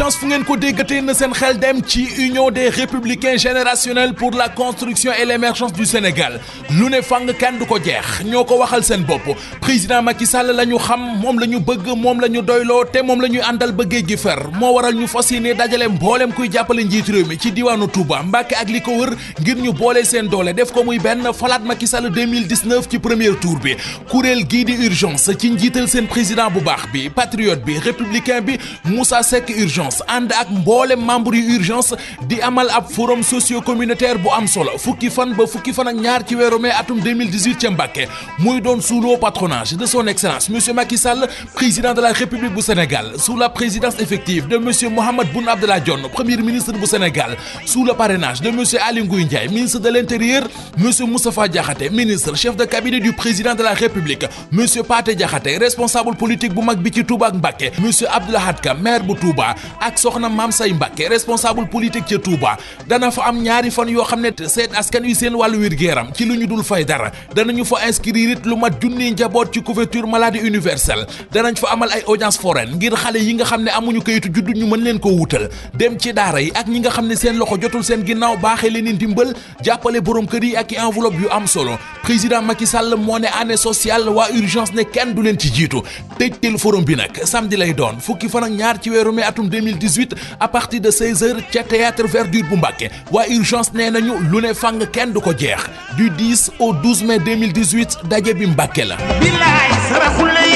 urgence fu ngeen ko déggatee seen xel dem ci union des républicains pour la construction et l'émergence du Sénégal lu ne fang kenn du ko jeex ñoo ko waxal seen bopp président Macky Sall la ñu xam moom la ñu bëgg moom la ñu doyloo te moom la ñuy àndal bëggee gi fer moo waral ñu fas yéene dajale mbooleem kuy jàppale njiitu réew mi ci diwaanu Touba Mbàkke ak li ko wër ngir ñu boole seen doole def ko muy benn falaat Macky Sall 2019 ci premier tour bi kuréel gii di urgence ci njiital seen président bu baax bi patriote bi républicain bi Moussa Seck urgence urgence ànd ak mboole membre yu urgence di amal ab forum socio communautaire bu am solo fukki fan ba fukki fan ak ñaar ci weeru mai atum 2018 ca Mbacké muy doon sous le patronage de son excellence monsieur Macky Sall président de la république bu Sénégal sous la présidence effective de monsieur Mahammed Boun Abdallah Dionne premier ministre bu Sénégal sous le parrainage de monsieur Aly Ngouille Ndiaye ministre de l'intérieur monsieur Moustapha Diakhaté ministre chef de cabinet du président de la république monsieur Pathé Diakhaté responsable politique bu mag bi ci Touba ak Mbacké monsieur Abdoulahad Ka maire bu Touba ak soxna maam say Mbàkke responsable politique ca Touba dana fa am ñaari fan yoo xam ne seet askan wi seen wàllu wér-gu-yaram ci lu ñu dul fay dara danañu fa inscrire it lu mat junni njaboot ci couverture maladie universelle danañ fa amal ay audience foraine ngir xale yi nga xam ne amuñu kayitu juddu ñu mën leen ko wutal dem ci daara yi ak ñi nga xam ne seen loxo jotul seen ginnaaw baaxee leen ndimbal jàppale borom kër yi ak i enveloppe yu am solo président Macky Sall moo ne année sociale waa urgence ne kenn du leen ci jiitu tëjtel forum bi nag samedi lay doon fukki fan ñaar ci weeru mai atum 2018 à partir de 16h ca théâtre verdure bu Mbàkke waa urgence nee nañu lu ne fang kenn du ko jeex du 10 au 12 mai 2018 daje bi Mbàkke la bilaay